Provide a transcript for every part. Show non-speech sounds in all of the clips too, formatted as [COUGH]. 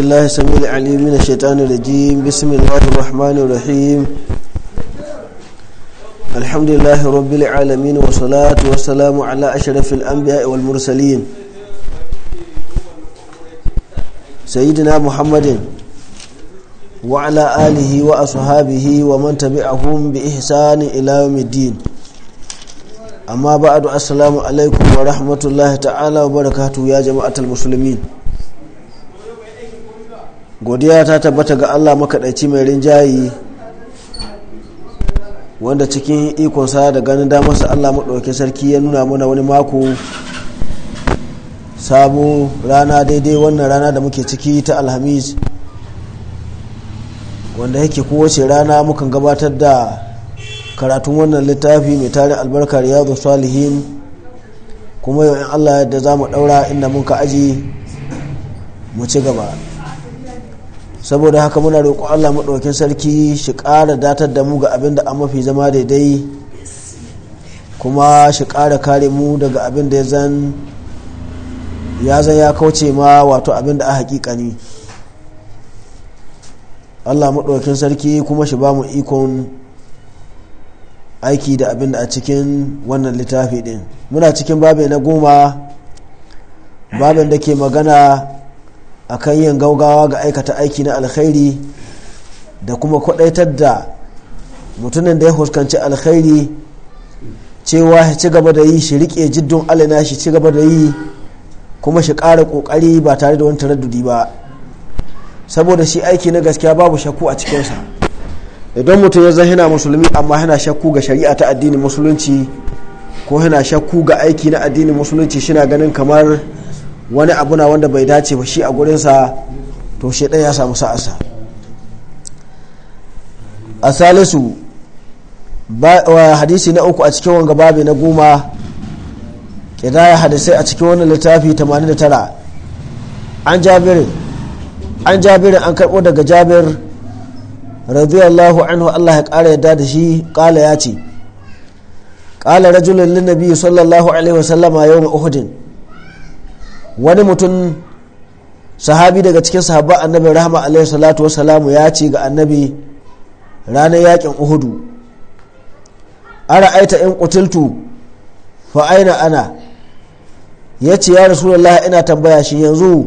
الله السميع العليم من الشيطان الرجيم بسم الله الرحمن الرحيم الحمد لله رب العالمين والصلاة والسلام على أشرف الأنبياء والمرسلين سيدنا محمد وعلى آله وأصحابه ومن تبعهم بإحسان إلى يوم الدين أما بعد السلام عليكم ورحمة الله تعالى وبركاته يا جماعة المسلمين godiya ta tabbata ga allah makaɗaici mai rinjayi wanda cikin ikonsa da ganin damarsa allah maɗauki sarki ya nuna mana wani mako sabo rana daidai wannan rana da muke ciki ta alhamis wanda yake kowace rana mukan gabatar da karatun wannan littafi mai tarin albarka riyadu salihin kuma yau in allah yadda za mu ɗaura inda muka aji mu ci gaba saboda haka muna roƙo allah maɗaukin sarki shi ƙara datar da mu ga abin da an mafi zama daidai kuma shi ƙara kare mu daga abin da ya zan ya kauce ma wato abin da a haƙiƙani allah maɗaukin sarki kuma shi ba mu ikon aiki da abin da a cikin wannan littafi ɗin muna cikin babi na goma babin da ke magana akan yin gaugawa ga aikata aiki na alkhairi da kuma kwadaitar da mutumin da ya huskanci alkhairi cewa ya ci gaba da yi shi rike jiddun alina shi ci gaba da yi kuma shi kara ƙoƙari ba tare da wani taraddudi ba saboda shi aiki na gaskiya babu shakku a cikinsa idan mutum ya zan yana musulmi amma yana shakku ga shari'a ta addinin musulunci ko yana shakku ga aiki na addinin musulunci shina ganin kamar wani abu na wanda bai dace ba shi a gurinsa to dan ya samu sa'asa a salisu hadisi na uku a cikin wanga babi na goma kidaya hadisai a cikin wannan littafi 89 an jabirin an jabirin an karɓo daga jabir radiyallahu anhu allah ya ƙara yadda da shi ƙala ya ce ƙala rajulun linnabi sallallahu alaihi wasallama yau uhudin wani mutum sahabi daga cikin sahabba annabi rahama alaihi salatu salamu ya ce ga annabi ranar yakin uhudu ara aita in kutiltu fa aina ana ya ce ya rasulullah ina tambaya shi yanzu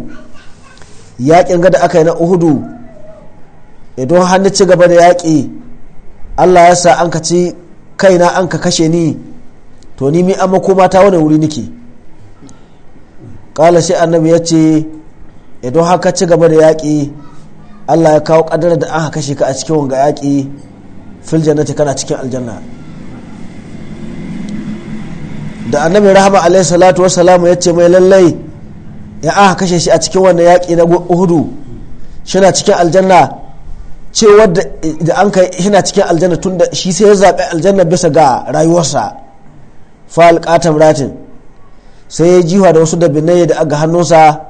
yakin gada aka na uhudu idan hannu ci gaba da yaƙi allah ya sa an ka ci kaina an ka kashe ni to ni mi amma makoma ta wani wuri nike kala sai annabi ya ce idan haka ci gaba da yaƙi allah ya kawo ƙadar da haka shi ka a cikin wanga yaƙi fil jannati kana cikin aljanna da annabi rahama alaihi salatu wassalamu ya ce mai lallai ya aka kashe shi a cikin wannan yaƙi na uhudu shina cikin aljanna wadda da an kai shina cikin aljanna tun da shi sai ya zaɓi aljanna bisa ga rayuwarsa fa alƙatam ratin sai ya jiwa da wasu dabinai da aga hannunsa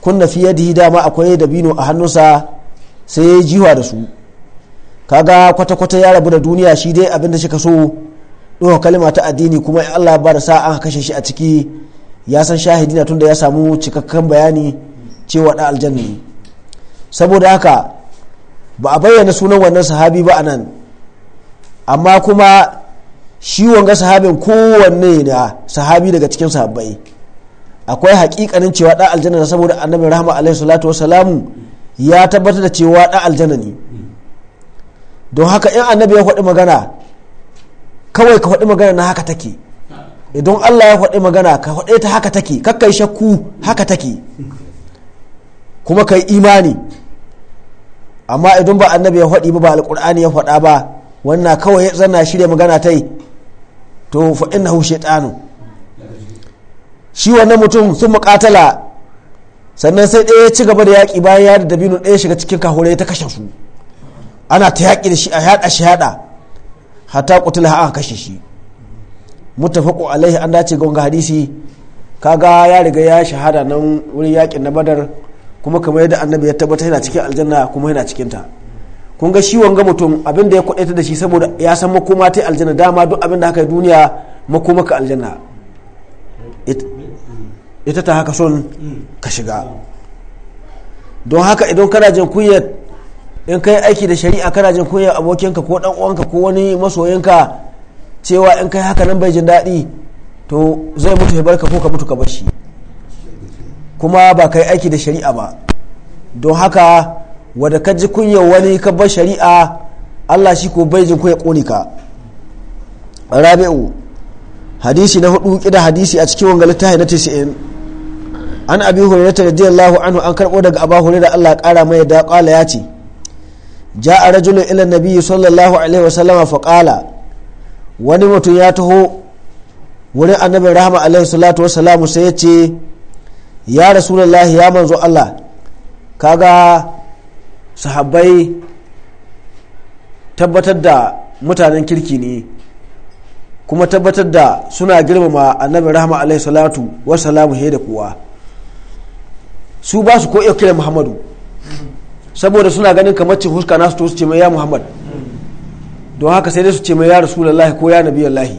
kunna fi yi dama akwai dabino a hannunsa sai ya jiwa da su kaga kwata-kwata ya rabu da duniya shi dai abin da shi ka so ɗora kalima ta addini kuma in Allah ba da sa an kashe shi a ciki ya san shahidi shahidina tunda ya samu cikakken bayani cewa da aljanna saboda haka ba a bayyana sunan wannan sahabi ba a nan amma kuma shi wanga sahabin kowanne da sahabi daga cikin sahabbai akwai hakikanin cewa da aljanna saboda annabi rahama alaihi salatu wasalamu ya tabbatar da cewa da aljanna ne don haka in annabi ya faɗi magana kawai ka faɗi magana na haka take idan Allah ya faɗi magana ka faɗe ta haka take kakkai shakku haka take kuma kai imani amma idan ba annabi ya faɗi ba ba alƙur'ani ya faɗa ba wannan kawai ya zana shirya magana ta yi to fa innahu shaytanu shi wannan mutum sun muƙatala sannan sai ɗaya ci gaba da yaƙi bayan ya da dabino ɗaya shiga cikin kahure ta kashe su ana ta yaƙi da shi a yaɗa shi yaɗa hata kutula aka kashe shi mutafaku alaihi an dace ga wanga hadisi kaga ya riga ya shahada nan wurin yaƙin na badar kuma kamar yadda annabi ya tabbata yana cikin aljanna kuma yana cikin ta kun ga shi wanga mutum abin da ya kwadaita da shi saboda ya san makoma ta aljanna dama duk abin da aka yi duniya makoma ka aljanna ita ta haka son ka shiga don haka idan kana jin kunyar in kai aiki da shari'a kana jin kunyar abokinka ko dan uwanka ko wani masoyinka cewa in kai haka nan bai jin daɗi to zai mutu ya barka ko ka mutu ka bashi kuma ba kai aiki da shari'a ba don haka wadda ka ji kunyar wani ka bar shari'a Allah shi ko bai jin ya ƙone ka rabi'u hadisi na hudu kida hadisi a cikin wanga littafi na 90 an abi hurairah radiyallahu anhu an karbo daga abu hurairah Allah kara mai da qala ya ce ja'a rajulun ila nabi sallallahu alaihi wa sallama fa qala wani mutum ya taho wurin annabi rahama alaihi salatu wa salamu sai ya ce ya rasulullahi ya manzo Allah kaga sahabbai tabbatar da mutanen kirki ne kuma tabbatar da suna girmama annabi rahama alaihi salatu salamu he da kowa su ba su ko iya kira muhammadu saboda suna ganin kamar ce huska nasu to su ce mai ya muhammad don haka sai dai su ce mai ya rasulullahi ko ya nabi lahi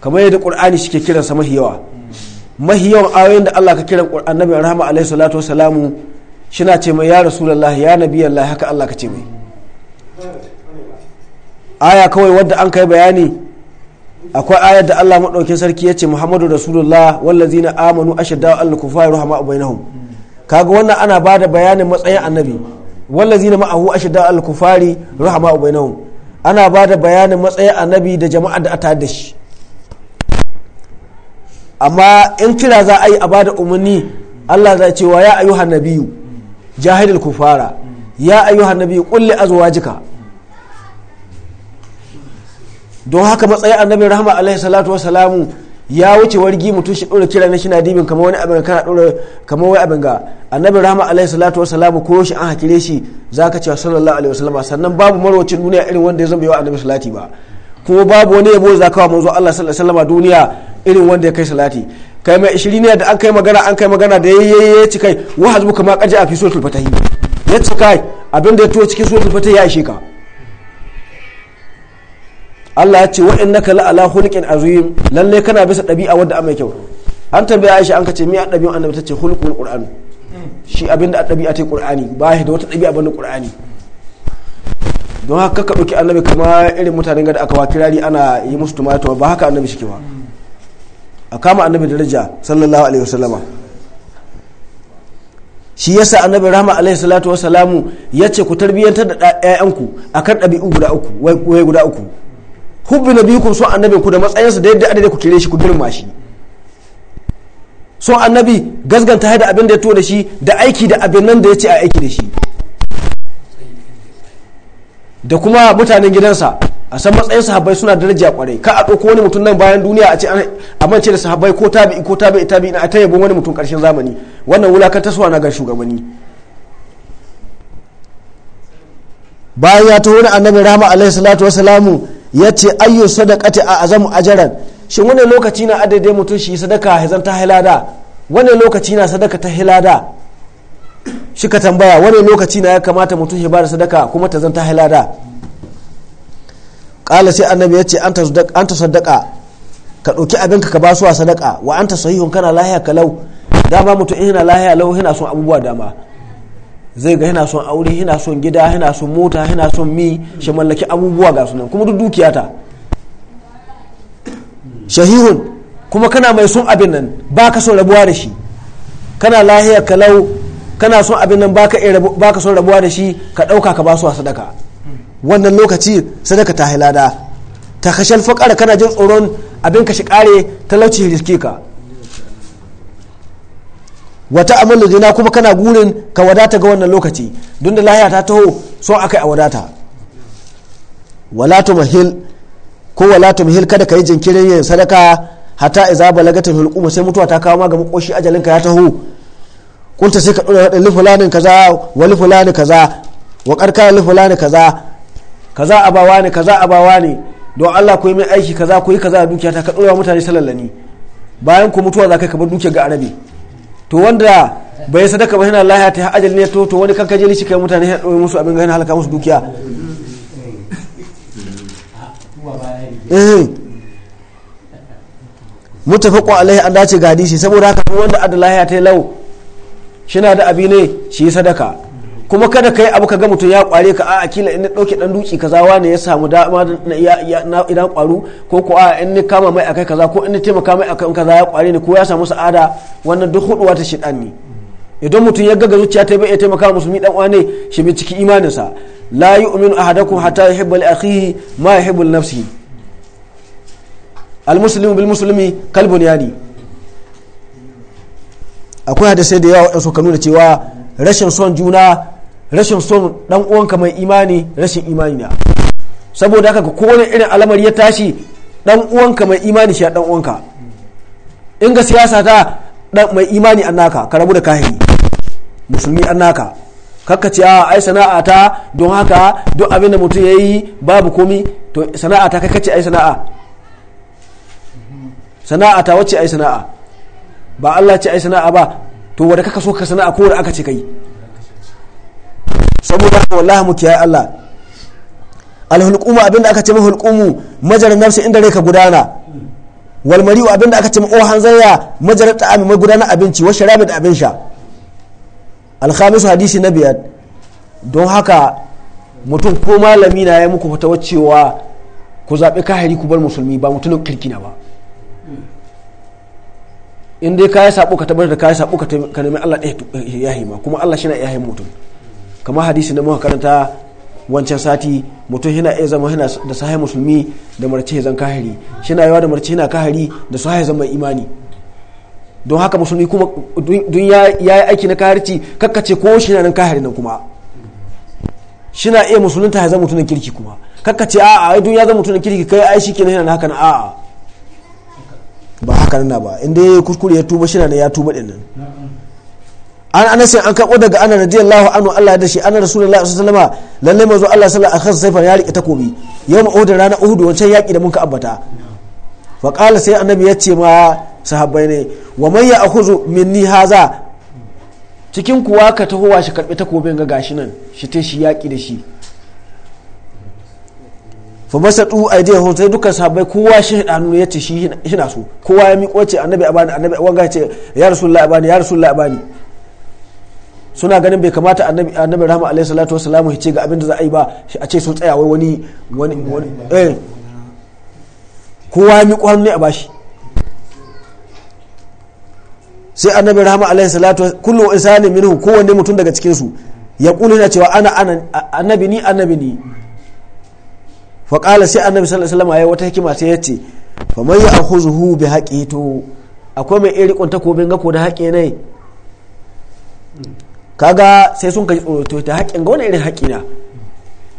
kamar yadda qur'ani shi ke kiransa mahiyawa mahiyawan ayoyin da allah ka kiran annabi rahama alaihi salatu salamu shi na ce mai ya rasulallah ya nabi Allah haka Allah ka ce mai aya kawai wadda an kai bayani akwai ayar da Allah maɗaukin sarki ya ce Muhammadu Rasulullah wallazina amanu shaddawa Allah ruhama hama bainahum kaga wannan ana ba da bayanin matsayin annabi wallazina ma'ahu shaddawa Allah kufari rahama bainahum ana ba da bayanin matsayin annabi da jama'a da ata da shi amma in kira za a yi a ba da umarni Allah za cewa ya ayyuhan nabiyu jahilul kufara ya ayyuhan nabi kulli azwajika don haka matsayin annabi rahama alaihi salatu wa salamu ya wuce wargi mutum shi dora kira na shi na dibin kamar wani abin kana dora kamar wai abin ga annabi rahama alaihi salatu wa salamu ko shi an hakire shi zaka cewa sallallahu alaihi wasallama sannan babu marwacin duniya irin wanda ya zama yawa annabi salati ba kuma babu wani yabo zaka wa manzo Allah sallallahu alaihi wasallama duniya irin wanda ya kai salati kai mai ne da an kai magana an kai magana da yayi ya ci kai wa hazbu kama kaji a fi suratul fatahi ya ci kai abin da ya tuwo cikin suratul fatahi ya ishe ka Allah ya ce wa'in naka la'ala hulqin azim lalle kana bisa ɗabi'a wadda amai kyau an tambaya Aisha an kace me a ɗabi'a annabi ce hulqul qur'an shi abin da ɗabi'a ta yi qur'ani ba shi da wata ɗabi'a bane qur'ani don haka ka ɗauki annabi kama irin mutanen da aka wa kirari ana yi musu tumatuma ba haka annabi shi ke ba a kama annabi daraja sallallahu alaihi wasallama shi yasa annabi rahma alaihi salatu wasalamu ya ce ku tarbiyyantar da a kan ɗabi'u guda uku wai guda uku hubbi sun annabi ku da matsayinsa da yadda adadai ku kere shi ku girma shi sun annabi gasganta da abin da ya tuwa da shi da aiki da abin nan da ya ce a aiki da shi da kuma mutanen gidansa a san matsayin sahabbai suna daraja kwarai ka a ɗauko wani mutum nan bayan duniya a ce a mance da sahabbai ko tabi'i ko tabi'i tabi'i na a ta yabon wani mutum ƙarshen zamani wannan taswa na ga shugabanni bayan ya taho na annabi rama alaihi salatu wasalamu ya ce ayyu sadaqati a azamu ajaran shin wannan lokaci na adade mutum shi sadaka hazan ta hilada wani lokaci na sadaka ta hilada shi ka tambaya wani lokaci na ya kamata mutum ya bada sadaka kuma ta zan ta hilada kala sai annabi ya ce an ta sadaka ka ɗauki abinka ka ba su a sadaka wa an ta sahihun kana lahiya ka lau dama mutum in yana lahiya lau yana son abubuwa dama zai ga yana son aure yana son gida yana son mota yana son mi shi mallaki abubuwa ga sunan kuma duk dukiya ta shahihun kuma kana mai son abin nan ba ka son rabuwa da shi kana lahiya ka lau kana son abin nan ba ka son rabuwa da shi ka ɗauka ka ba su a sadaka wannan lokaci sadaka ta hilada ta kashe fakara kana jin tsoron abin ka shi kare talauci riske ka wata amalu dina kuma kana gurin ka wadata ga wannan lokaci don da lahiya ta taho so yi a wadata wala ko walatu kada ka yi jinkirin yin sadaka hata iza balagatul hulquma sai mutuwa ta kawo ma ga makoshi ajalinka ya taho kunta sai ka ɗora wadin lifulanin kaza wa lifulanin kaza wa ƙarƙar lifulanin kaza kaza abawa ne kaza abawa ne don Allah ku yi mai aiki kaza ku yi kaza a dukiya ta ka ɗora mutane salallani bayan ku mutuwa za ka kamar dukiya ga arabe to wanda bai sadaka ba yana lahiya ta ajali ne to wani kanka jeli shi kai mutane ya ɗora musu abin gani halaka musu dukiya eh. mutafaqu alaihi an dace ga hadisi saboda haka wanda adalahiya ta yi lau shi na da abi ne shi sadaka kuma kada ka yi abu ka ga mutum ya kware ka a akila in dauke dan duki kaza wane ya samu dama na idan kwaru ko ko a in ni kama mai akai kaza ko in ni taimaka mai akai kaza ya kware ni ko ya samu sa'ada wannan duk huduwa ta shidan ne idan mutum ya gaga zuciya ta bai iya taimaka musulmi dan wane shi bi ciki imaninsa la yu'minu ahadukum hatta yuhibba li akhihi ma yuhibbu nafsihi al muslimu bil muslimi kalbun bunyani akwai hadisai da yawa su ka nuna cewa rashin son juna rashin son dan uwanka mai imani rashin imani ne saboda haka ko wani irin al'amari ya tashi dan uwanka mai imani shi dan uwanka in ga siyasa ta dan mai imani annaka ka rabu da kahiri musulmi annaka kakka ce a ai sana'a ta don haka duk abin da mutum yayi babu komi to sana'a ta kakka ce ai sana'a sana'a ta wacce ai sana'a ba Allah ce ai sana'a ba to wanda kaka so ka sana'a ko wanda aka ce kai saboda haka wallahi mu kiyaye Allah alhulqumu abinda aka ce mahulqumu majarar nafsi inda rai ka gudana wal mari'u abinda aka ce ohan zaya ta ta'ami mai gudana abinci wa sharabi da abin sha khamis hadisi na biyar don haka mutum ko malami na ya muku fata cewa ku ka kahiri ku bar musulmi ba mutumin na ba in dai ka yi sabo ka tabbatar da ka yi sabo ka nemi Allah ɗaya ya hima kuma Allah shi na iya mutum kamar hadisi da muka karanta wancan sati mutum yana iya zama yana da sahai musulmi da marce zan kahiri shi na yawa da marce yana kahiri da sahai zama imani don haka musulmi kuma dun ya yi aiki na kahirci kakkace ko shi na nan kahiri nan kuma shi na iya musulunta ya zama mutumin kirki kuma kakkace a'a dun ya zama mutumin kirki kai ai shi kenan yana haka na a'a ba haka nan ba inda ya kuskure ya tuba shi na ya tuba din nan an anasi an karbo daga ana radiyallahu anhu Allah da shi ana rasulullahi sallallahu alaihi wasallam lalle mazo Allah sallallahu alaihi wasallam ya rike takobi yau da rana uhudu wancan yaki da muka ambata fa qala sai annabi ya ce ma sahabbai ne wa man akhuzu minni haza cikin kuwa ka taho wa shi karbi takobin ga gashi nan shi ta shi yaki da shi fa masatu aidiyahum sai dukkan sahabbai kowa shi hidanu ya ce shi hina so kowa ya miƙo ce annabi abani annabi wanga ce ya rasulullahi abani ya rasulullahi abani suna ganin bai kamata annabi annabi rahama alaihi salatu wassalamu ya ce ga abin da za a yi ba a ce sun tsaya wai wani wani eh kowa ya miƙo hannu ne a bashi sai annabi rahama alaihi salatu kullu insani minhu kowanne mutum daga cikin su ya kulu yana cewa ana annabi ni annabi ni fa qala sai annabi sallallahu alaihi wasallam wata hikima sai yace fa man ya'khuzuhu bi haqihi to akwai mai irikon takobin gako da haƙe ne kaga sai sun kaji tsoro to ta haƙƙin ga wani irin haƙƙi na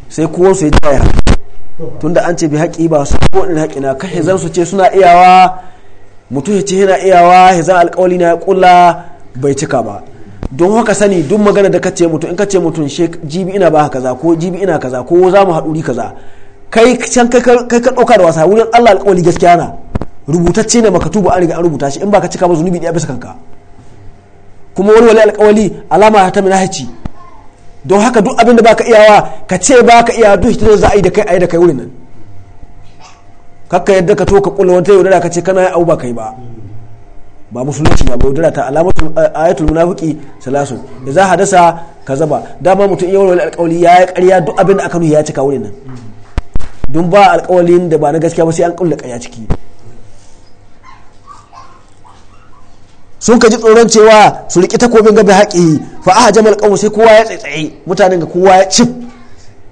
sai ya su yi jaya tunda an ce bi haƙƙi ba su kowa irin haƙƙi na hezan su ce suna iyawa mutum ya ce yana iyawa hezan alƙawali na ya ƙulla bai cika ba don haka sani duk magana da kace mutum in kace mutum she jibi ina ba kaza ko jibi ina kaza ko za mu haɗuri kaza kai can kai ka ɗauka da wasa wurin Allah alƙawali gaskiya na rubutacce ne ba an riga an rubuta shi in ba ka cika ba zunubi ɗaya bisa kanka kuma wani wani alkawali alama ta manhaji don haka duk abin da baka iyawa ka ce baka iya duk hitar za a yi da kai a yi da kai wurin nan kakka yadda ka to ka kula wata yaudara ka ce kana abu ba kai ba ba musulunci ba yaudara ta alamatul ayatul munafiki salasun da za dasa ka zaba dama mutum iya wani alkawali ya yi karya duk abin da aka nuhi ya cika wurin nan don ba alkawalin da ba na gaskiya ba sai an kulla kaya ciki sun ka ji tsoron cewa su riƙi takobin gaba haƙi fa aha jamal ƙawo sai kowa ya tsaye mutanen ga kowa ya cif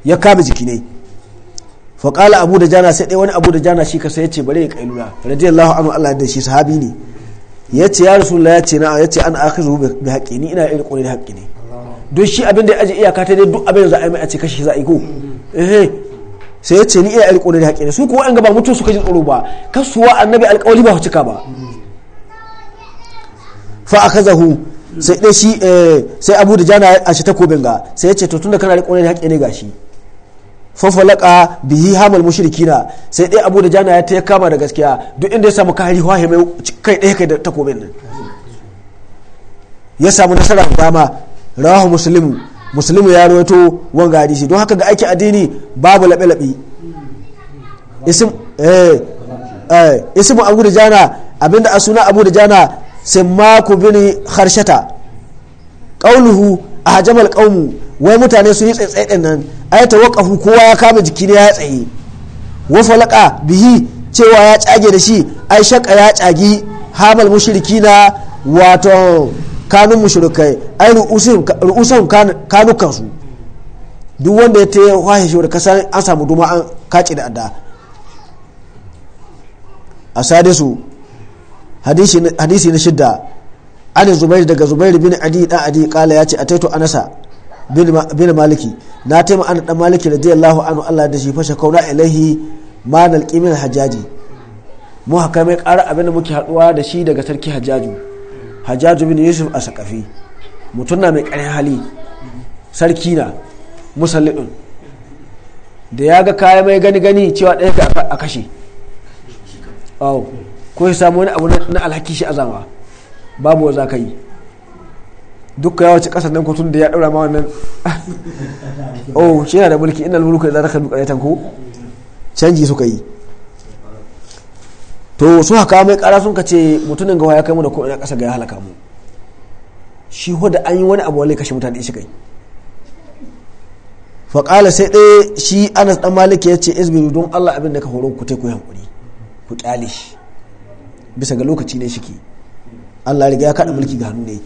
ya kama jiki ne fa qala abu da jana sai ɗaya wani abu da jana shi kasa ce bare ya kailula radiyallahu anhu Allah da shi sahabi ne ya ce ya rasulullah yace na ce an zuwa bi haƙi ni ina irin ƙoƙari da haƙi ne don shi abin da ya aji iyaka ta dai duk abin za a yi mai a ce kashi za a yi ko eh, eh. sai sai yace ni ina irin ƙoƙari da haƙi ne su kuwa an gaba mutu suka ji tsoro ba kasuwa annabi alƙawari ba cika ba fa akazahu sai dai shi eh, sai abu da jana a shi takobin ga sai ya ce to da kana da ƙonar haƙƙi ne gashi fafalaka bihi hamal mushrikina sai dai abu da jana ya ta kama da gaskiya duk inda ya samu kari wahe mai kai ɗaya kai da takobin nan ya samu nasara da dama rawahu muslimu muslimu ya rawaito wanga hadisi don haka ga aiki addini babu laɓe laɓe isim eh eh abu da jana abinda a suna abu da jana ku bin harshata qauluhu ahjamal qaumu wai mutane sun yi tsaitsaye din nan ai tawaqafu kowa ya kama jiki ne ya tsaye wa falaka bihi cewa ya cage da shi ai shaka ya tsagi hamal mushrikina wato kanun mushrikai ai ru'usun kanukan su duk wanda ya ta wahe shi kasan an samu duma an kace da adda a hadisi na shidda an zubairu daga zubairu bin adi dan adi kala ya ce a taito anasa bin maliki na taima an dan maliki radiyallahu anhu Allah da shi fashe kauna ilaihi ma nalqi hajaji hajjaji mu haka mai ƙara abin da muke haɗuwa da shi daga sarki hajjaju hajjaju bin yusuf a sakafi mutum na mai ƙarin hali sarki na musallin da ya ga kaya mai gani gani cewa ɗaya a kashe ko ya samu wani abu na alhaki shi azama babu za ka yi dukka ya wace kasar nan kotun da ya daura ma wannan [LAUGHS] oh shi yana da mulki inal mulku da zaka duka ya tanko canji suka yi to su haka mai kara sun kace mutumin gawa ya kai mu da ko ina kasa ga ya halaka mu shi ho da an yi wani abu wale kashe mutane shi kai faƙala sai ɗaya shi anas ɗan maliki ya ce izbiru don allah abin da ka horo ku ta ku yi ku ƙyale shi bisa ga lokaci ne shike Allah riga ya kada mulki ga hannu ne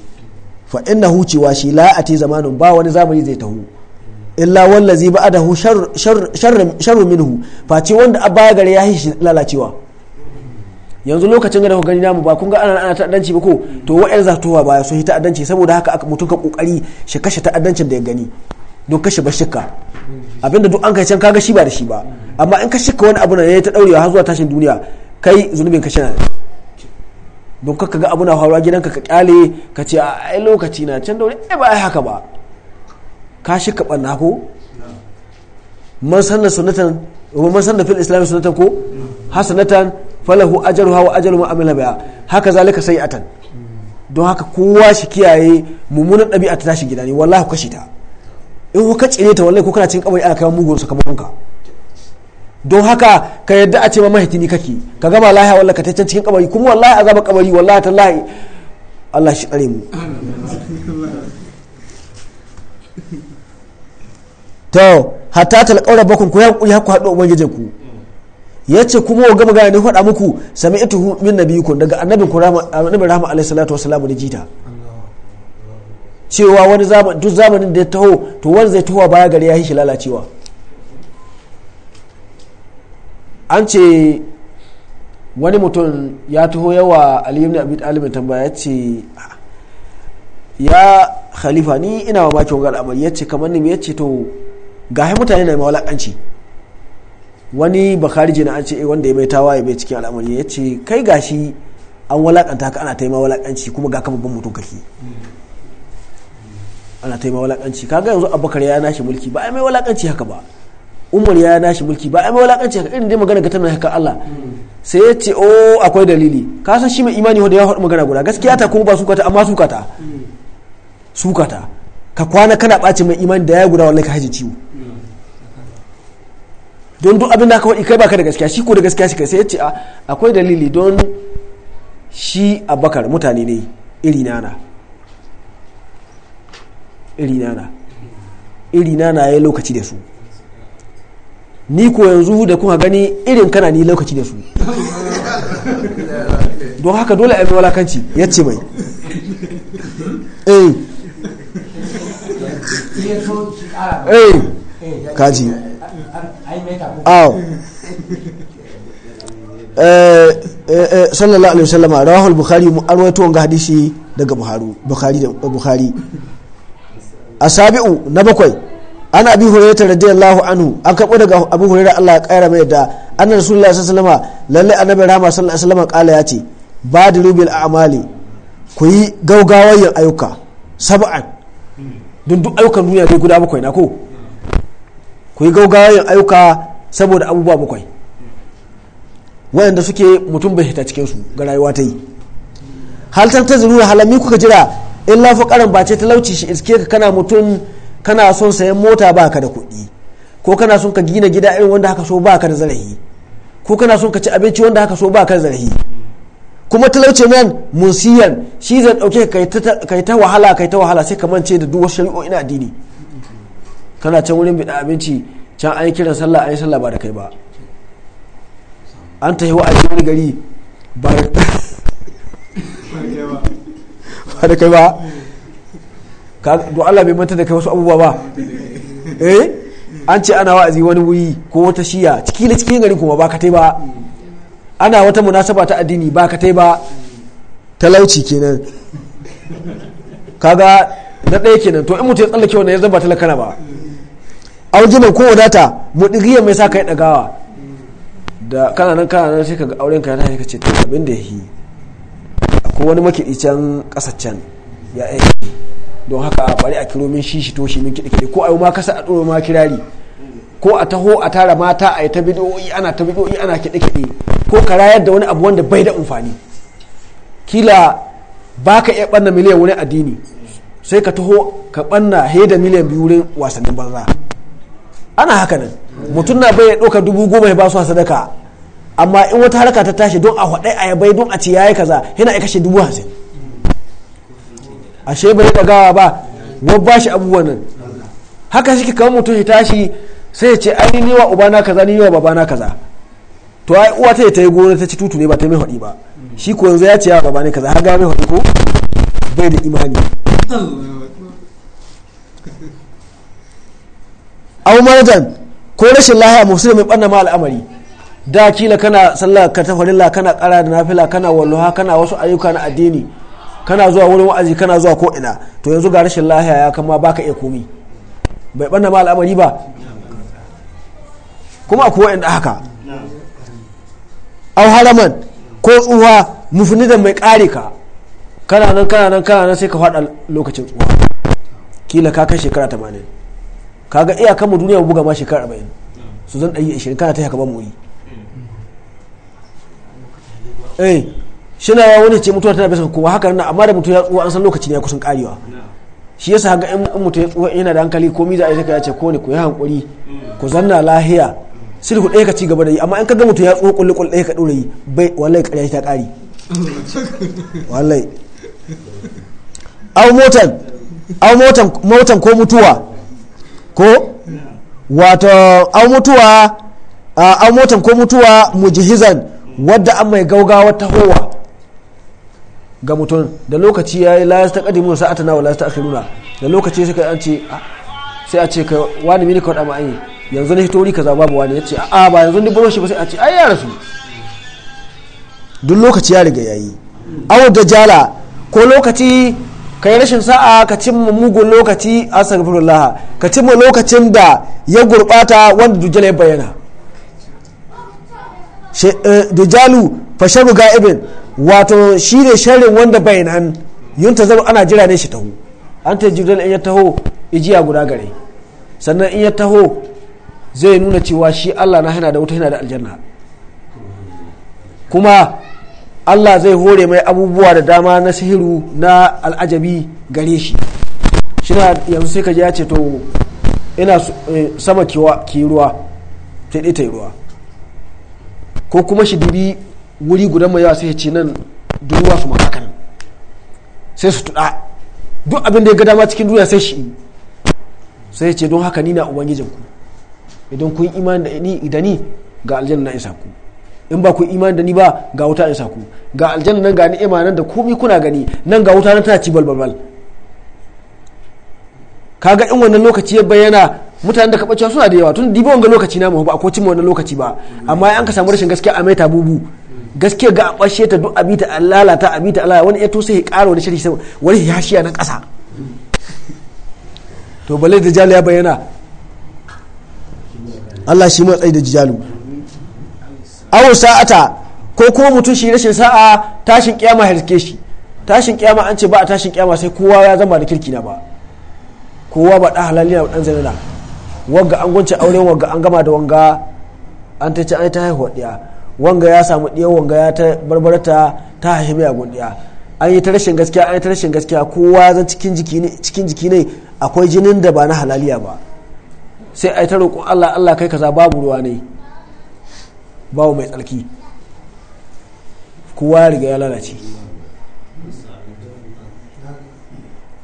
fa innahu hucewa shi la ati zamanun ba wani zamani zai tahu illa wallazi ba'adahu sharru minhu ce wanda a baya gare ya shi lalacewa yanzu lokacin da kuka gani namu ba kun ga ana ana ta'addanci ba ko to wa'yar zatowa baya sun yi ta'addanci saboda haka mutun ka kokari shi kashe ta'addancin da ya gani don kashe ba shikka abinda duk an kai can kaga shi ba da shi ba amma in ka shika wani abu ne ta daurewa har zuwa tashin duniya kai zunubin ka shi don ka ga abu na faruwa gidanka ka kyale ka ce a ai lokaci na can da wani ai ba ai haka ba ka shi ka banna ko man sanna da wa man sanna fil islam sunatan ko hasanatan falahu ajruha wa ajru man amila biha haka zalika tan. don haka kowa shi kiyaye mummunan ɗabi'a ta tashi gida ne wallahi kashi ta in ka tsire ta wallahi ko kana cin kabari ana kai mugun sakamakon ka don haka ka yadda a ce ma mahaitini kake ka gama lahi a wallaka ta can cikin kabari kuma wallahi a gaba kabari wallahi ta lahi Allah shi tsare mu to hatta talqaura bakon ku ya yankuri hakku hado ubangijin ku ya ce kuma wa gama gane ne faɗa muku sami sami'tuhu min nabi ku daga annabin ku rahama rahama alaihi salatu wassalamu da jita cewa wani zaman duk zamanin da ya taho to wani zai taho baya gari ya yi shi lalacewa an ce wani mutum ya taho yawa aliyu ibn abi tambaya ya ce ya khalifa ni ina mamaki wangar amal ya ce kamar ni ya ce to ga mutane na mawalakanci wani bakari jina an ce eh, wanda ya mai tawaye bai cikin al'amari ya ce kai gashi an walakanta ka ana ta yi mawalakanci kuma ga kamar ban mutum kake ana ta yi mawalakanci kaga yanzu abubakar ya nashi mulki ba a mai walakanci haka ba umar ya nashi mulki ba a yi walakanci ka irin dai magana ga tana haka Allah sai ya ce o oh, akwai dalili ka san shi mai imani wanda ya haɗu magana guda gaskiya ta kuma ba kata amma su kata ka kwana kana ɓaci mai imani da ya guda wallahi ka haji ciwo don duk abin da ka faɗi kai baka da gaskiya shi ko da gaskiya shi kai sai ya ce ah, akwai dalili don shi abakar mutane ne iri nana iri nana iri nana ya lokaci da su ni ko yanzu da kuma gani irin kana ni lokaci da su don haka dole a walakanci ya ce mai eh eh kaji aw eh, eh, eh, sallallahu alaihi wasallam rawahu al-bukhari an rawaito wanga hadisi daga buhari bukhari da bukhari asabi'u na bakwai ana abi hurairah radiyallahu anhu an kabo daga abu hurairah Allah ya kaira mai da annabi sallallahu alaihi wasallama lalle annabi rahama sallallahu alaihi wasallama kala yace badiru bil a'mali ku yi gaugawayin ayyuka sab'an dun duk ayyukan duniya ne guda bakwai na ko ku yi yin ayyuka saboda abubuwa bakwai wanda suke mutum bai hita cikin su ga rayuwa ta yi hal ta halami kuka jira illa fuqaran ba ce talauci shi iske ka kana mutum kana son sayan mota ba ka da kuɗi ko kana son ka gina gida irin wanda haka so ka da zarafi ko kana son ka ci abinci wanda haka so ka da zarafi kuma talauci nan musiyan shi zai dauke kai ta wahala kai ta wahala sai ka mance da duwar shari'o'in addini kana can wurin bida abinci can an yi kiran sallah an yi sallah ba da kai ba an ta yi wa'azi wani gari ba da kai ba ka don Allah bai manta da kai wasu abubuwa ba eh an ce ana wa'azi wani wuri ko wata shiya ciki na cikin gari kuma ba ka tai ba ana wata munasaba ta addini ba ka tai ba talauci kenan kaga na ɗaya kenan to in mutum ya tsallake wannan ya zan ba talakana ba aujinan ko wadata mudigiyar mai sa kai dagawa da kana nan kana nan sai ka ga auren ka ya tashi ka ce abin da ya yi akwai wani makiɗi can ƙasar can ya aiki don haka bari a kiro min shi shi to shi min kiɗe ko a yi ma kasa a ɗoro ma kirari ko a taho a tara mata a yi ta bidoyi ana ta bidoyi ana kiɗe kiɗe ko ka rayar da wani abu wanda bai da amfani kila ba ka iya ɓanna miliyan wani addini sai ka taho ka ɓanna heda miliyan biyu wurin wasannin banza ana haka nan mutum na bai ɗauka dubu goma ya ba su sadaka amma in wata harka ta tashi don a hwadai a yabai don a ci yayi kaza yana ya kashe dubu hamsin ashe bai dagawa ba wa ba shi abubuwan nan haka shi kawo mutum ya tashi sai ya ce ai ni wa ubana kaza ni wa babana kaza to ai uwa ta ta yi gona ta ci tutu ne ba ta mai hadi ba shi ko yanzu ya ce ya babane kaza har ga mai ko bai da imani Abu marajan ko rashin lahiya musulmi mai banna ma al'amari da kila kana sallah ka ta farilla kana kara da nafila kana walluha kana wasu ayyuka na addini kana zuwa wurin wa'azi kana zuwa ko ina to yanzu ga rashin lahiya ya kama baka iya komi bai banna ma al'amari ba kuma akwai da haka au haraman ko tsuwa mufni da mai kare ka kana nan kana nan kana nan sai ka faɗa lokacin tsuwa kila ka kai shekara tamanin kaga iyakan mu duniya buga ma shekara arba'in su zan ɗari ashirin kana ta haka ba mu yi shi na wani ce mutuwa tana bisa kowa haka nan amma da mutum ya tsuwa an san lokaci ne ya kusan karewa shi yasa haka in mutum ya tsuwa yana da hankali komi za a yi ya ce ko ne ku yi hankuri ku zanna lahiya sulhu ɗaya ka ci gaba da yi amma in ka ga mutum ya tsuwa kulli kulli ɗaya ka ɗora yi bai wallahi ƙarya ta ƙari wallahi au motan au motan motan ko mutuwa ko wato au mutuwa au motan ko mutuwa mujihizan wadda an mai gaugawa tahowa ga mutum da lokaci ya yi layas ta ƙadimu sa'ata na wa layas ta akhiruna da lokaci sai an ce ah, sai a ce ka wani mini kawai ma'ayi yanzu na hitori zaba babu wani ya ce a ah, ba yanzu ni baro shi ba sai a ce ai ya rasu duk lokaci ya riga yayi da jala ko lokaci ka yi rashin sa'a ka cin mugun lokaci laha ka ma lokacin da ya gurbata wanda dujjala ya bayyana fashe ga ibin wato shi ne sharin wanda bai nan yunta zama ana jira ne shi taho an ta jirgin in ya taho ijiya guda gare sannan in ya taho zai nuna cewa shi allah na hana da wuta yana da aljanna kuma allah zai hore mai abubuwa da dama na sihiru na al'ajabi gare shi shina yanzu sai ka ji ya ce to ina eh, sama ki ruwa ta ruwa ko kuma shi dibi wuri guda mai yawa sai ya ce nan duniya su maka kan sai su tuɗa duk abin da ya ga dama cikin duniya sai shi sai ya ce don haka ni na ubangijin ku idan kun imani da ni da ni ga aljanna na isa ku in ba ku imani da ni ba ga wuta isa ku ga aljanna nan ga ni'ima nan da komai kuna gani nan ga wuta nan tana ci ka kaga in wannan lokaci ya bayyana mutanen da kaɓacewa suna da yawa tun dibi wanga lokaci na mahu ba a ko cimma wannan lokaci ba amma an ka samu rashin gaskiya a mai tabubu gaske ga a bashe ta duk abita a lalata abita a wani ya to sai ya ƙara wani shirki wani ya shiya na ƙasa to balai da jali ya bayyana Allah shi matsayi da jijalu awo sa'ata ko ko mutum shi rashin sa'a tashin kiyama harke shi tashin kiyama an ce ba a tashin kiyama sai kowa ya zama da kirki na ba kowa ba da halaliya ba dan zanina wanga an gunce auren wanga an gama da wanga an ta ci an ta haihuwa ɗaya wanga ya samu ɗiyar wanga ya ta barbarta ta haifi mai ɗiya an yi ta rashin gaskiya an yi ta rashin gaskiya kowa zan cikin jiki ne akwai jinin da ba na halaliya ba sai a yi ta roƙon allah allah kai kaza babu ruwa ne babu mai tsarki kowa ya riga ya lalace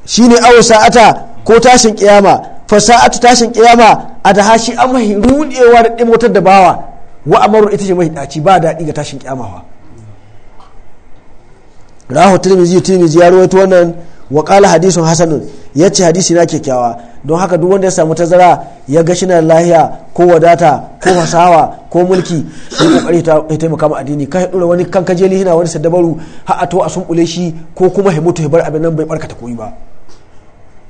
shine ne awo sa'ata ko tashin kiyama fasa'atu tashin kiyama a da hashi an mahi rudewa da ɗimotar da bawa wa ita ce daci ba daɗi ga tashin kyamawa rahu tirmizi tirmizi ya rawaito wannan wa qala hadithun ya yace hadisi na kyakkyawa don haka duk wanda ya samu tazara ya ga shi na lahiya ko wadata ko fasawa ko mulki shi kokari ya taimaka ma addini ka dora wani kankaje lihina wani sadabaru ha'a a to a sun shi ko kuma ya mutu ya bar abin nan bai barkata koyi ba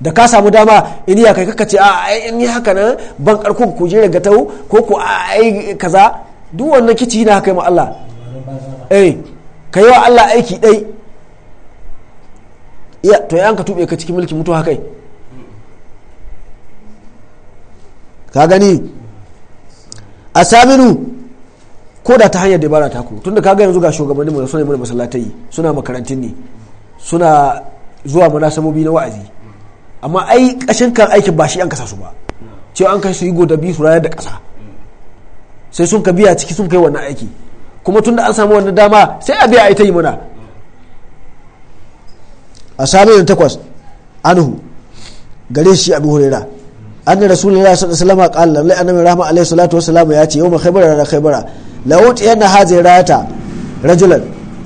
da ka samu dama in yi kai kaka ce a in yi haka nan ban karkon ku jira ga tau ko ku a yi kaza duk wannan kici na haka ma Allah eh ka yi wa Allah aiki dai iya to yan ka tube ka cikin mulki mutu haka ka gani a saminu ko da ta hanyar da bara taku tunda kaga yanzu ga shugabanninmu da suna yi mana masallatai suna makarantun ne suna zuwa munasabobi na wa'azi amma ai kashin kan aikin ba shi an kasa su ba cewa an kai su yi godabi su rayar da kasa sai sun ka biya ciki sun kai wannan aiki kuma tun da an samu wannan dama sai a biya a ita yi muna. a sami da takwas anhu gare shi abu hurera an da rasulullah sallallahu alaihi a qala lallai annabi rahama alaihi salatu salamu ya ce yawma khaybara da khaibara la wuti yana hazi rata rajulan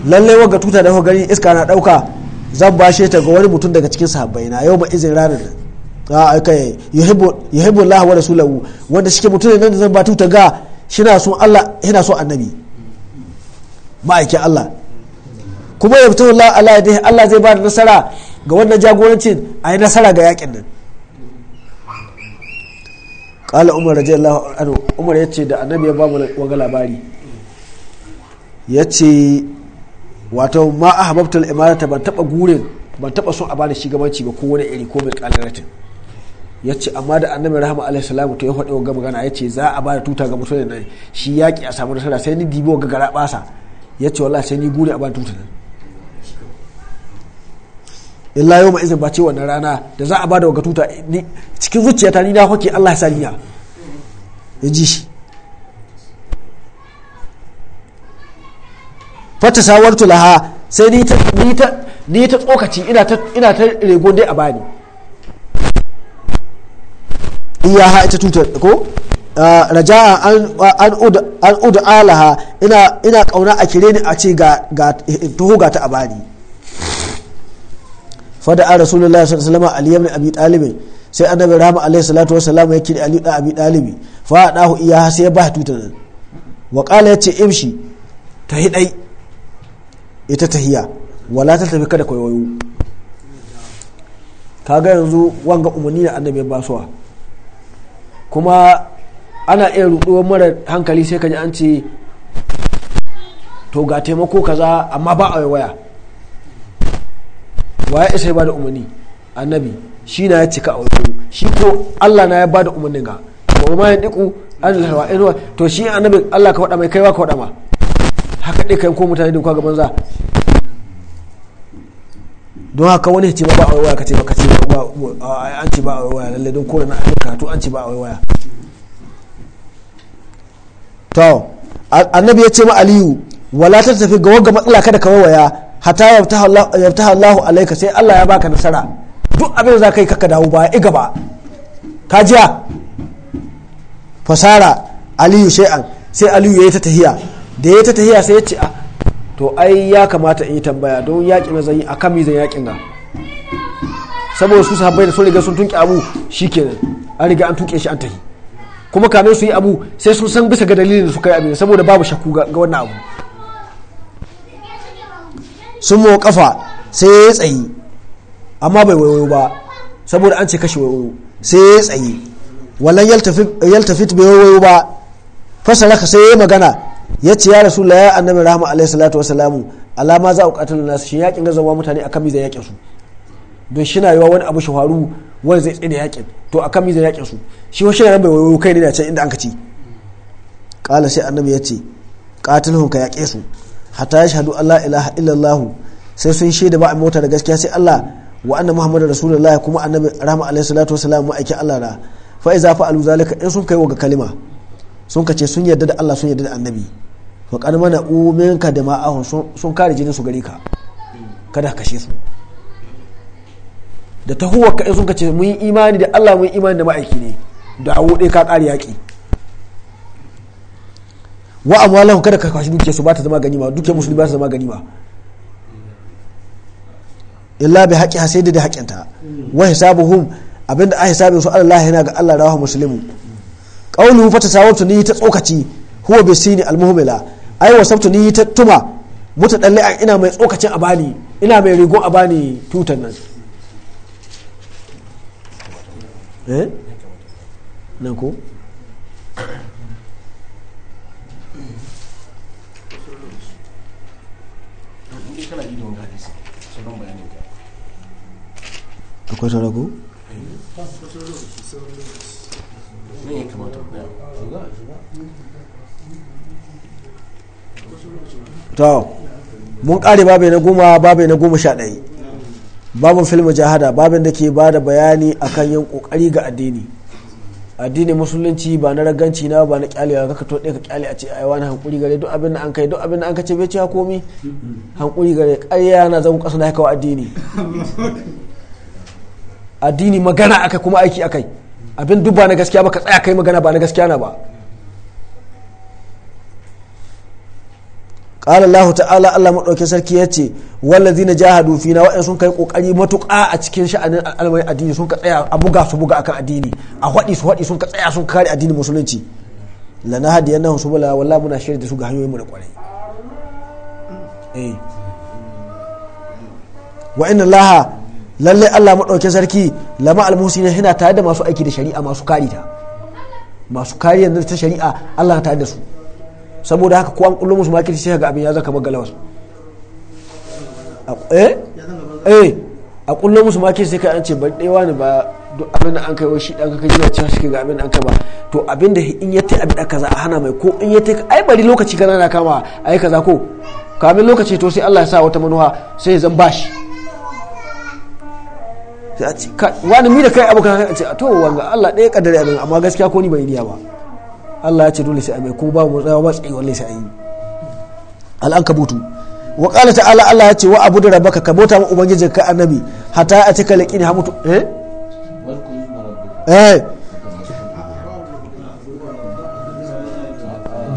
lallai waga tuta da gari iska na dauka zan bashe ta ga wani mutum daga cikin sahabbai na yau ma izin ranar a ah, kai yuhibbu Allah wa rasulahu wanda shike mutum ne nan da zan ba tuta ga shina son Allah yana son annabi ma'aikin Allah kuma ya fito Allah ya dai Allah zai ba da nasara ga wannan jagorancin a yi nasara ga yakin nan qala umar radiyallahu anhu umar yace da annabi ya ba mu wanga labari yace wato ma a hababtar imarata ban taba gurin ban taba son a bani shugabanci ba ko wani iri ko mai kalaratin ya ce amma da annabi rahama alaihi salamu to ya faɗi wa magana ya ce za a bada tuta ga mutane nan shi yaƙi a samu nasara sai ni dibi ga gara basa ya ce wallahi sai ni gure a bada tuta nan illa yau ma izin ba ce wannan rana da za a bada wa tuta cikin zuciyata ni na hoke Allah ya sa ya ji shi fata sawartu laha sai ni ta ni ta tsokaci ina ta ina ta rego dai a bani iya ha ita tutar ko ah, raja an udu alaha ina kauna a kire ni a ce ga tuhu ga ta a bani fada a rasulullah sallallahu alaihi wasallam abi talibin sai annabi rahama alaihi salatu wasallam ya kiri aliyu da abi dalibi fa dahu iya sai ya ba tutar wa qala yace imshi ta hidai ita ta tahiya wala ta tafi kada kwaikwayo kaga yanzu wanga umarni da annabi suwa kuma ana iya ruɗuwar mara hankali sai ka ji an ce to ga taimako kaza amma ba a waya waya isa ba da umarni annabi shi na ya cika a wasu shi ko allah na ya ba da umarnin ga ba ma ya diku an to shi annabi allah ka faɗa mai kaiwa ka faɗa ma haka ɗai kai ko mutane da kwa gaban za don haka wani ce ba a waya ka ce ba ka ce ba an ce ba a waya lalle don kore na karatu an ce ba a waya to annabi ya ce ma aliyu wala ta tafi ga wagga matsala kada ka waya hatta yabtaha Allahu alaika sai Allah ya baka nasara duk abin za ka yi kaka dawo ba ya iga ba ka jiya fasara aliyu shay'an sai aliyu ya yi ta tahiya da ya ta tahiya sai ya ce a ah, to ai ya kamata in yi tambaya don yaƙi na zan yi a kan mizan yaƙin na saboda su sahabbai da sun riga sun tunke abu shi nan an riga an tuke shi an tahi kuma kamin su yi abu sai sun san bisa ga dalilin da suka yi abin saboda babu shakku ga wannan abu sun mu kafa sai ya tsayi amma bai wayo ba saboda an ce kashe wayo sai ya tsayi wallan yaltafit bai wayo ba fasaraka sai ya magana ya ce ya rasu ya annabi rahama alaihi salatu wasalamu alama za a bukatar nasu shi yakin gazawa mutane akan mizan yakin su don shi na yiwa wani abu shi faru wani zai tsaye da yakin to akan mizan yakin su shi wa na bai wayo kai ne na can inda an ka ci kala sai annabi ya ce katilhum ka yake su hatta shahadu allah ilaha illallah sai sun shaida ba a mota da gaskiya sai allah wa anna muhammadar rasulullahi kuma annabi rahama alaihi salatu wasalam ma'aikin allah ra fa iza fa'alu zalika in sun kai wa ga kalima sun ka ce sun yarda da Allah sun yarda da annabi fa kan mana uminka da ma'ahu sun kare jinin su gare ka kada ka kashe su da tahuwa ka sun ka ce mun imani da Allah mun imani da ma'aiki ne da awu dai ka kare yaki wa amwalahu kada ka kashe dukiyar su ba ta zama gani ba dukiyar musulmi ba ta zama gani ba illa bi haqqi hasidi da haqqinta wa hisabuhum abinda a hisabin su Allah yana ga Allah rawahu muslimu qawluhu fatasawabtu ni ta tsokaci huwa bi sini almuhmila ai wasabtu ni ta tuma muta dalle ina mai tsokacin abani ina mai rigon abani tutan nan eh nan ko akwai to mun kare babu na goma babu na goma sha ɗaya babin filmu jahada babin da ke bada bayani akan yin kokari ga addini addini musulunci ba na raganci na ba na kyalewa ka to ka kyale a ce yi wani hankuri gare duk abin da an kai duk abin da an kace bai cewa komi hankuri gare ƙarya na zagon ƙasa na kawo addini addini magana akai kuma aiki akai abin duk ba na gaskiya ba ka tsaya kai magana ba na gaskiya na ba قال الله ta'ala allah مدوكي sarki yace والذين جاهدوا فينا وان سن kai kokari matuƙa a cikin sha'anin almai addini sun ka tsaya a buga su buga akan addini a hwadi su hwadi sun ka tsaya sun kare addini musulunci lana hadiyannahum subula wallahi muna shirye da su ga hanyoyin mu da kwarai eh wa inna allah lalle allah maɗaukin sarki lama almusina yana tare da masu aiki da shari'a masu kari ta masu kariyar ta shari'a allah tare da su saboda haka ko an kullo musu makirci sai ga abin ya zaka magalawas eh eh a kullo musu makirci sai ka an ce ba daiwa ne ba duk abin da an kai wa shi dan ka gina cewa shi ga abin da an kai ba to abin da in ya tai abin da kaza a hana mai ko in ya tai ai bari lokaci kana na kama ai kaza ko kamin lokaci to sai Allah ya sa wata manuwa sai ya zan bashi wani mi da kai abokan a ce to wanga Allah ɗaya kaddare abin amma gaskiya ko ni bai iya ba Allah ya ce dole sai a mai kuma ba mu tsayawa matsayi wallahi sai a yi al'ankabutu wa qala ta'ala Allah ya ce wa abudu rabbaka ka bauta ma ubangijin ka annabi hatta a cika laqini ha mutu eh eh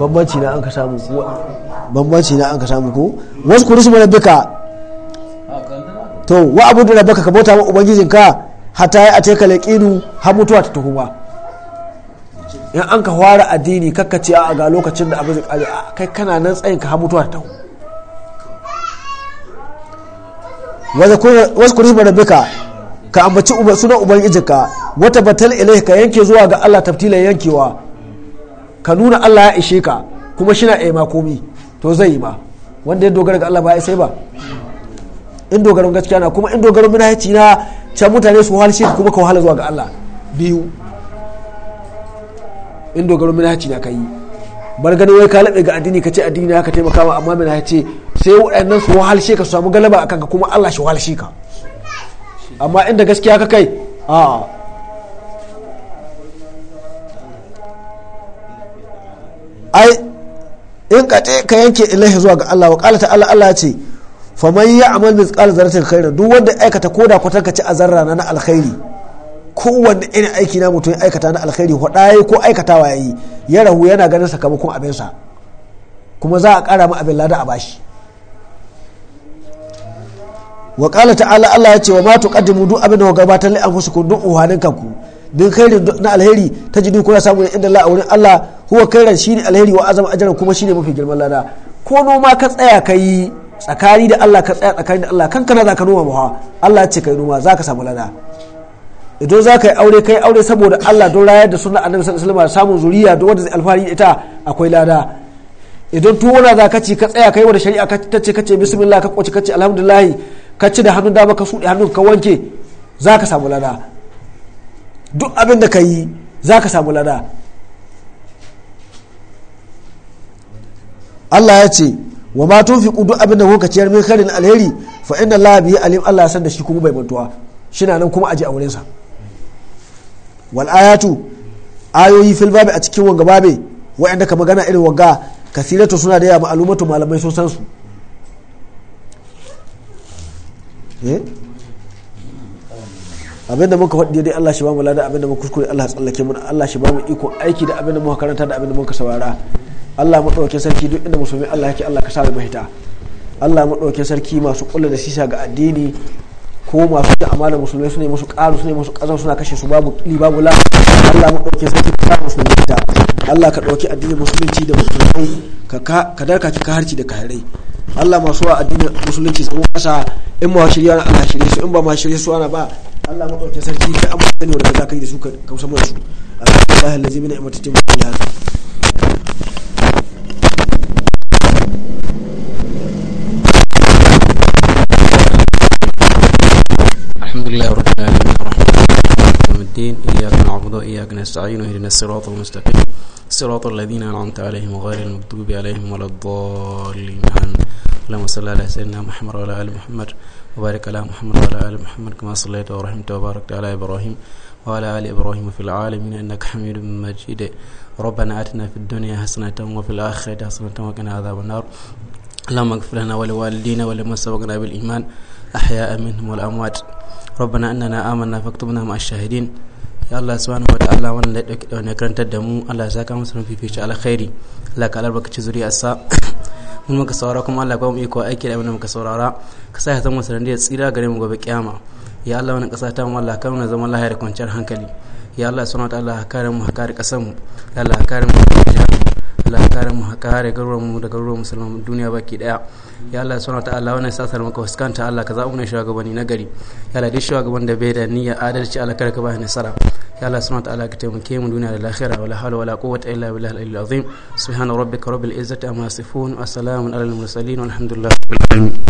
bambanci na an ka samu ko bambanci na an ka samu ko wasu kurusu rabbika to wa abudu rabbaka ka bauta ma ubangijin ka hatta a ka laqinu ha mutuwa ta tuhuma in an ka fara addini kakka ce a ga lokacin da abu zai kai kana nan tsayin ka har mutuwa ta wasu kuri rabbika ka ambaci suna ijinka wata batal ilai ka yanke zuwa ga Allah tabtilan yankewa ka nuna Allah ya ishe ka kuma shi na ma komi to zai yi ma wanda ya dogara ga Allah ba ya sai ba in dogara gaskiya na kuma in dogaron munahici na can mutane su wahalshe kuma ka wahala zuwa ga Allah biyu in dogaro manhaji na ka yi bar gani wai ka laɗe ga addini ka ce addini na ka taimaka ma amma mina ce sai waɗannan su wahalshe ka su samu galaba a kanka kuma Allah shi wahalshe ka amma inda gaskiya ka kai a ai in ka ka yanke ilahi zuwa ga Allah wa kalata allah Allah ce faman ya'mal mithqala dharratin khairan duk wanda aikata koda kwatanka ci a zarra na alkhairi kowanne irin aiki na mutum aikata na alkhairi hudaye ko aikatawa ya yi ya rahu yana ganin sakamakon abinsa kuma za a kara mu abin lada a bashi wa qala ta'ala Allah ya ce wa ma tuqaddimu du abin da ku gabatar li anfusikum du uhanin kanku din khairin na alheri ta ji kuna samu inda Allah a wurin Allah huwa khairan shine alheri wa azama ajran kuma shine mafi girman lada ko noma ka tsaya kai tsakani da Allah ka tsaya tsakani da Allah kanka na zaka noma ba Allah ya ce kai noma zaka samu lada idan za ka yi aure kai aure saboda Allah don rayar da sunan annabi sallallahu alaihi samun zuriya don wanda zai alfahari ita akwai lada idan tuwona za ka ci ka tsaya kai wanda shari'a ta ce kace bismillah ka kwace kace alhamdulillah ka ci da hannun dama ka suɗe hannun ka wanke za ka samu lada duk abin da ka yi za ka samu lada Allah ya ce wa ma tunfiqu duk abin da kuka ciyar mai karin alheri fa inna Allah bihi alim Allah ya san da shi kuma bai mantuwa shi na nan kuma aji aurensa wal'ayatu ayoyi fil a cikin wanga babe wa'anda ka magana irin wanga kasiratu suna da yawa ma'alumatu malamai sun san su eh? abinda muka faɗi dai Allah shi ba mu lada abinda muka kuskure Allah ya tsallake mu Allah shi ba mu iko aiki da abinda muka karanta da abinda muka saurara Allah mu dauke sarki duk inda musulmi Allah yake Allah ka sa mu mahita Allah mu dauke sarki masu kulla da sisa ga addini ko masu da amana musulmai suna musu karu suna musu kazan suna kashe su babu li babu la Allah mu dauke sarki ka musulmai ta Allah ka dauki addinin musulunci da musulmai ka ka darka ki ka harci da kahirai Allah masu wa addinin musulunci su kasa in ma shirya na Allah shirye su in ba ma shirye su ana ba Allah mu dauke sarki ka amma ne wanda zaka yi da su ka musamman su Allah lazi min ni'matin min Allah الدين إياك نعبد وإياك نستعين اهدنا الصراط المستقيم صراط الذين أنعمت عليهم غير المكتوب عليهم ولا الضالين اللهم صل على سيدنا محمد وعلى آل محمد وبارك على محمد وعلى آل محمد كما صليت ورحمت وباركت على إبراهيم وعلى آل إبراهيم في العالمين إنك حميد مجيد ربنا آتنا في الدنيا حسنة وفي الآخرة حسنة وقنا عذاب النار اللهم اغفر لنا ولوالدينا ولمن سبقنا بالإيمان أحياء منهم والأموات ربنا أننا آمنا فاكتبنا مع الشاهدين ya Allah subhanahu wataala wannan da dauki daune karantar da mu Allah ya saka musu fifici alkhairi Allah ka albarkaci zuriyarsa [COUGHS] mun muka saurara kuma Allah ba mu iko aiki da abin muka saurara ka sa ya zama sanar da tsira gare mu gobe kiyama ya Allah wannan kasa ta mu Allah ka nuna zaman lahiya da kwanciyar hankali ya Allah subhanahu wataala ka kare mu ka kare kasar mu ya Allah ka kare mu Allah kare mu kare garuruwan mu da garuruwan musulman duniya baki daya ya Allah ta ta'ala wannan sasar maka fuskanta Allah ka zaɓa mana shugabanni na gari ya Allah duk shugaban da bai da niyyar adalci Allah kare ka ba nasara ya Allah ta ta'ala ka taimake mu duniya da lahira wala hawla wala quwwata illa billahi al-aliyyil azim subhana rabbika rabbil izzati amma yasifun wa salamun alal mursalin walhamdulillahi rabbil alamin